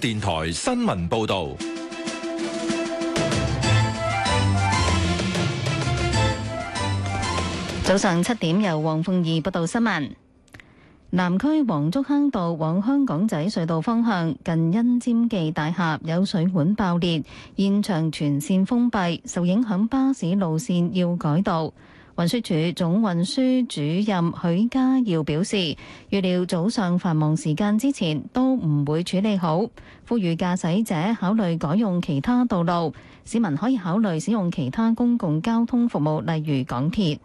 電台新聞報道：早上七點，由黃鳳儀報道新聞。南區黃竹坑道往香港仔隧道方向，近恩沾記大廈有水管爆裂，現場全綫封閉，受影響巴士路綫要改道。運輸署總運輸主任許家耀表示，預料早上繁忙時間之前都唔會處理好，呼籲駕駛者考慮改用其他道路。市民可以考慮使用其他公共交通服務，例如港鐵。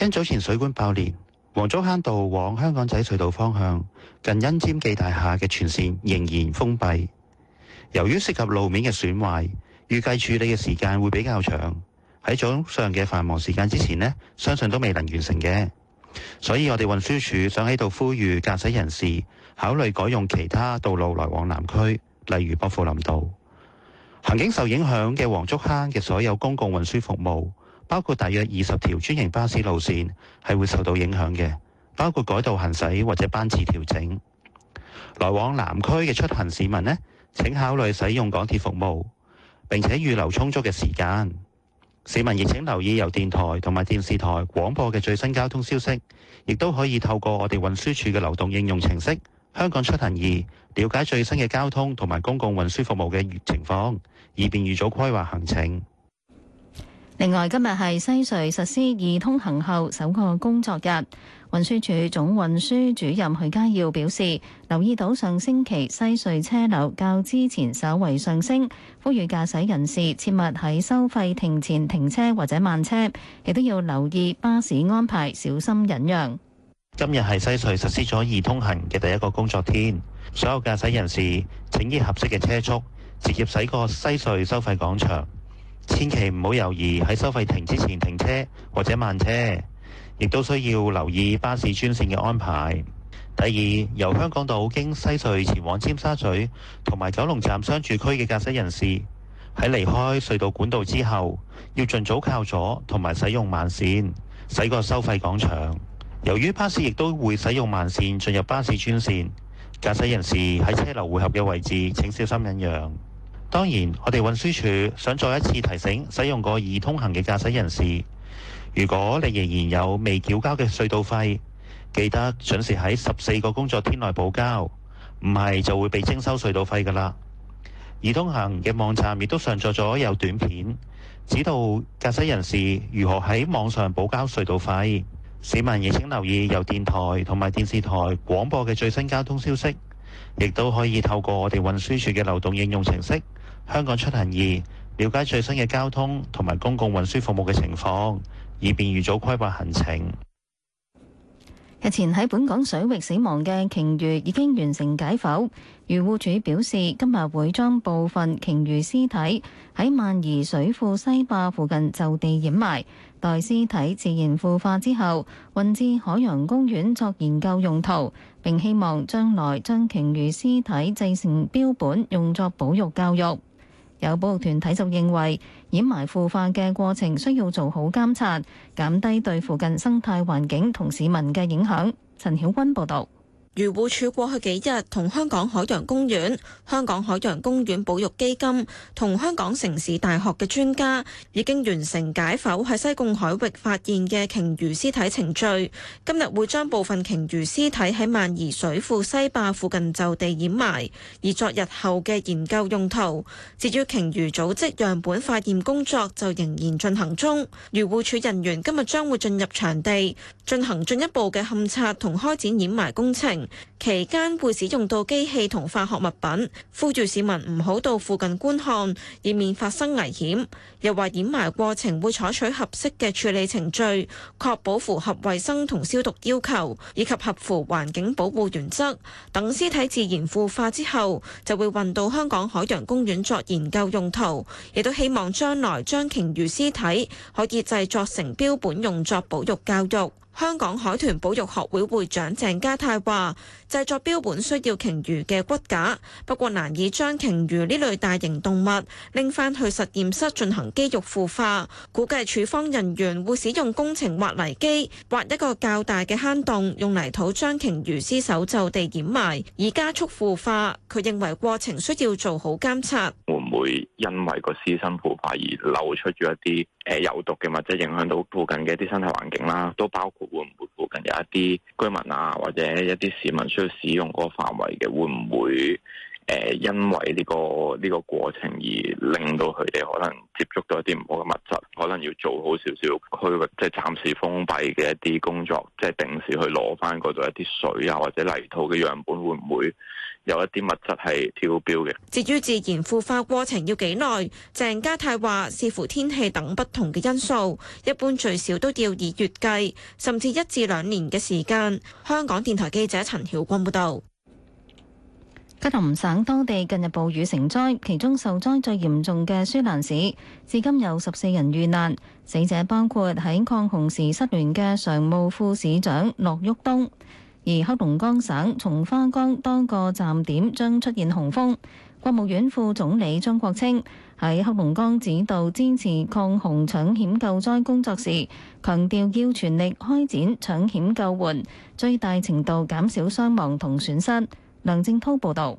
因早前水管爆裂，黃竹坑道往香港仔隧道方向近恩尖記大廈嘅全綫仍然封閉。由於涉及路面嘅損壞，預計處理嘅時間會比較長。喺早上嘅繁忙時間之前咧，相信都未能完成嘅，所以我哋運輸署想喺度呼籲駕駛人士考慮改用其他道路來往南區，例如薄扶林道。行經受影響嘅黃竹坑嘅所有公共運輸服務，包括大約二十條專營巴士路線，係會受到影響嘅，包括改道行駛或者班次調整。來往南區嘅出行市民呢，請考慮使用港鐵服務，並且預留充足嘅時間。市民亦請留意由電台同埋電視台廣播嘅最新交通消息，亦都可以透過我哋運輸署嘅流動應用程式《香港出行易》了解最新嘅交通同埋公共運輸服務嘅情況，以便預早規劃行程。另外，今日係西隧實施易通行後首個工作日，運輸署總運輸主任許家耀表示，留意到上星期西隧車流較之前稍為上升，呼籲駕駛人士切勿喺收費亭前停車或者慢車，亦都要留意巴士安排，小心忍讓。今日係西隧實施咗易通行嘅第一個工作天，所有駕駛人士請以合適嘅車速直接駛過西隧收費廣場。千祈唔好猶豫喺收費亭之前停車或者慢車，亦都需要留意巴士專線嘅安排。第二，由香港島經西隧前往尖沙咀同埋九龍站商住區嘅駕駛人士，喺離開隧道管道之後，要儘早靠左同埋使用慢線，駛過收費廣場。由於巴士亦都會使用慢線進入巴士專線，駕駛人士喺車流匯合嘅位置請小心忍讓。當然，我哋運輸署想再一次提醒使用過易通行嘅駕駛人士，如果你仍然有未繳交嘅隧道費，記得準時喺十四個工作天內補交，唔係就會被徵收隧道費㗎喇。易通行嘅網站亦都上載咗有短片，指導駕駛人士如何喺網上補交隧道費。市民亦請留意由電台同埋電視台廣播嘅最新交通消息。亦都可以透過我哋運輸署嘅流動應用程式《香港出行二》，了解最新嘅交通同埋公共運輸服務嘅情況，以便預早規劃行程。日前喺本港水域死亡嘅鯨魚已經完成解剖，漁護署表示今日會將部分鯨魚屍體喺萬宜水庫西壩附近就地掩埋。待屍體自然腐化之後，運至海洋公園作研究用途，並希望將來將鯨魚屍體製成標本，用作保育教育。有保育團體就認為掩埋腐化嘅過程需要做好監察，減低對附近生態環境同市民嘅影響，陳曉君報道。漁護署過去幾日同香港海洋公園、香港海洋公園保育基金同香港城市大學嘅專家，已經完成解剖喺西貢海域發現嘅鯨魚屍體程序。今日會將部分鯨魚屍體喺萬宜水庫西壩附近就地掩埋，而作日後嘅研究用途。至於鯨魚組織樣本化驗工作就仍然進行中。漁護署人員今日將會進入場地，進行進一步嘅勘測同開展掩埋工程。期間會使用到機器同化學物品，呼籲市民唔好到附近觀看，以免發生危險。又話掩埋過程會採取合適嘅處理程序，確保符合衛生同消毒要求，以及合乎環境保護原則。等屍體自然腐化之後，就會運到香港海洋公園作研究用途。亦都希望將來將鯨魚屍體可以製作成標本，用作保育教育。香港海豚保育學會會長鄭家泰話：製作標本需要鯨魚嘅骨架，不過難以將鯨魚呢類大型動物拎翻去實驗室進行肌肉腐化。估計處方人員會使用工程挖泥機挖一個較大嘅坑洞，用泥土將鯨魚屍首就地掩埋，以加速腐化。佢認為過程需要做好監察。會唔會因為個私生腐化而流出咗一啲誒有毒嘅物質，影響到附近嘅一啲生態環境啦，都包括會唔會附近有一啲居民啊，或者一啲市民需要使用嗰個範圍嘅，會唔會誒因為呢個呢個過程而令到佢哋可能接觸到一啲唔好嘅物質？可能要做好少少區域，即係暫時封閉嘅一啲工作，即係定時去攞翻嗰度一啲水啊或者泥土嘅樣本，會唔會？有一啲物質係超標嘅。至於自然腐化過程要幾耐？鄭家泰話：視乎天氣等不同嘅因素，一般最少都要以月計，甚至一至兩年嘅時間。香港電台記者陳曉君報道：「吉林省當地近日暴雨成災，其中受災最嚴重嘅舒蘭市，至今有十四人遇難，死者包括喺抗洪時失聯嘅常務副市長駱旭東。而黑龍江省松花江多個站點將出現洪峰。國務院副總理張國清喺黑龍江指導支持抗洪搶險救災工作時，強調要全力開展搶險救援，最大程度減少傷亡同損失。梁正濤報道。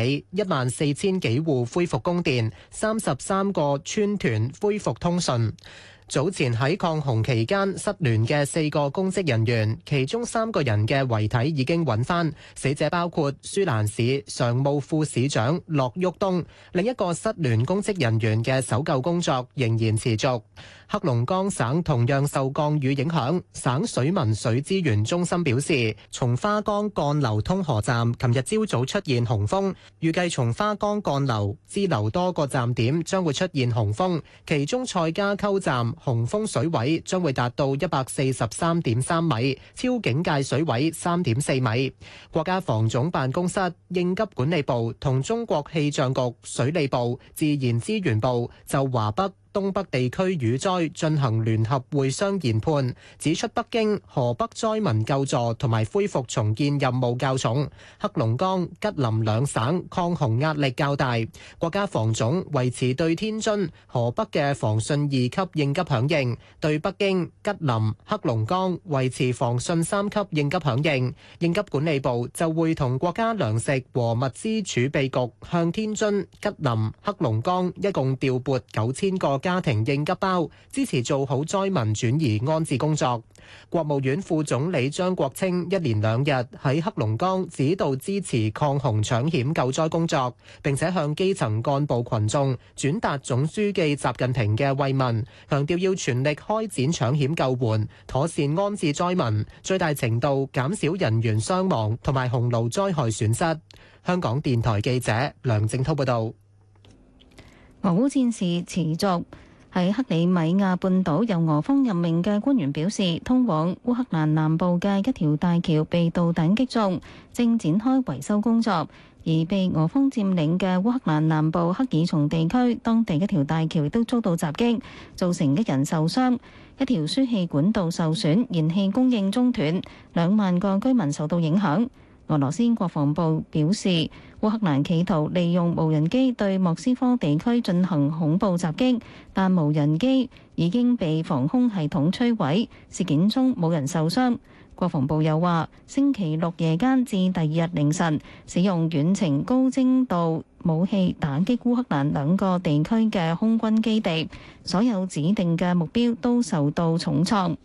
喺一萬四千幾戶恢復供電，三十三個村屯恢復通訊。早前喺抗洪期間失聯嘅四個公職人員，其中三個人嘅遺體已經揾翻，死者包括舒蘭市常務副市長駱旭東。另一個失聯公職人員嘅搜救工作仍然持續。黑龍江省同樣受降雨影響，省水文水資源中心表示，松花江幹流通河站琴日朝早出現洪峰，預計松花江幹流支流多個站點將會出現洪峰，其中蔡家溝站洪峰水位將會達到一百四十三點三米，超警戒水位三點四米。國家防總辦公室、應急管理部同中國氣象局水利部、自然資源部就華北，東北地區雨災進行聯合會商研判，指出北京、河北災民救助同埋恢復重建任務較重，黑龍江、吉林兩省抗洪壓力較大。國家防總維持對天津、河北嘅防汛二級應急響應，對北京、吉林、黑龍江維持防汛三級應急響應，應，應急管理部就會同國家糧食和物資儲備局向天津、吉林、黑龍江一共調撥九千個家庭應急包，支持做好災民轉移安置工作。國務院副總理張國清一連兩日喺黑龍江指導支持抗洪搶險救災工作，並且向基層幹部群眾轉達總書記習近平嘅慰問，強調要全力開展搶險救援、妥善安置災民，最大程度減少人員傷亡同埋洪澇災害損失。香港電台記者梁靜滔報道。俄烏戰事持續，喺克里米亞半島，由俄方任命嘅官員表示，通往烏克蘭南部嘅一條大橋被導彈擊中，正展開維修工作。而被俄方佔領嘅烏克蘭南部克爾松地區，當地一條大橋都遭到襲擊，造成一人受傷，一條輸氣管道受損，燃氣供應中斷，兩萬個居民受到影響。俄羅斯國防部表示，烏克蘭企圖利用無人機對莫斯科地區進行恐怖襲擊，但無人機已經被防空系統摧毀。事件中冇人受傷。國防部又話，星期六夜間至第二日凌晨，使用遠程高精度武器打擊烏克蘭兩個地區嘅空軍基地，所有指定嘅目標都受到重創。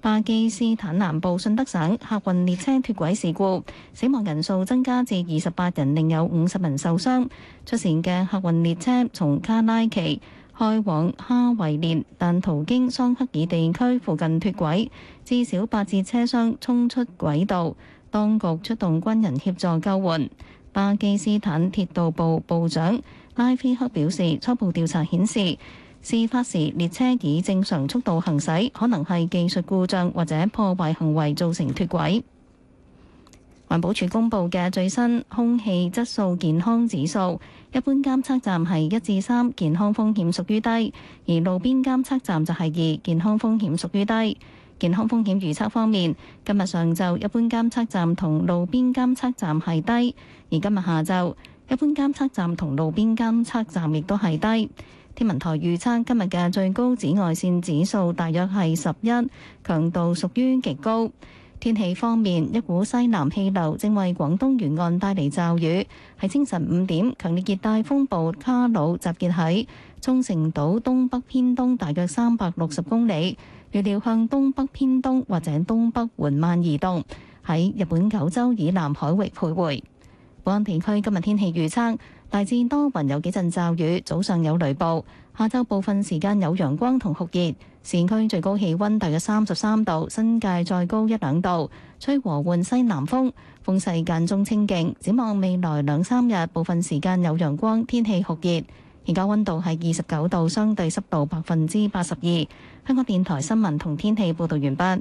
巴基斯坦南部信德省客運列車脱軌事故，死亡人數增加至二十八人，另有五十人受傷。出事嘅客運列車從卡拉奇開往哈維蓮，但途經桑克爾地區附近脱軌，至少八節車廂衝出軌道，當局出動軍人協助救援。巴基斯坦鐵道部部長拉菲克表示，初步調查顯示，事發時，列車以正常速度行駛，可能係技術故障或者破壞行為造成脱軌。環保署公布嘅最新空氣質素健康指數，一般監測站係一至三，健康風險屬於低；而路邊監測站就係二，健康風險屬於低。健康風險預測方面，今日上晝一般監測站同路邊監測站係低，而今日下晝一般監測站同路邊監測站亦都係低。天文台預測今日嘅最高紫外線指數大約係十一，強度屬於極高。天氣方面，一股西南氣流正為廣東沿岸帶嚟驟雨。喺清晨五點，強烈熱帶風暴卡努集結喺沖繩島東北偏東大約三百六十公里，預料向東北偏東或者東北緩慢移動，喺日本九州以南海域徘徊。本港地區今日天氣預測。大致多雲，有幾陣驟雨，早上有雷暴，下晝部分時間有陽光同酷熱，市區最高氣溫大約三十三度，新界再高一兩度，吹和緩西南風，風勢間中清勁，展望未來兩三日，部分時間有陽光，天氣酷熱，而家溫度係二十九度，相對濕度百分之八十二。香港電台新聞同天氣報道完畢。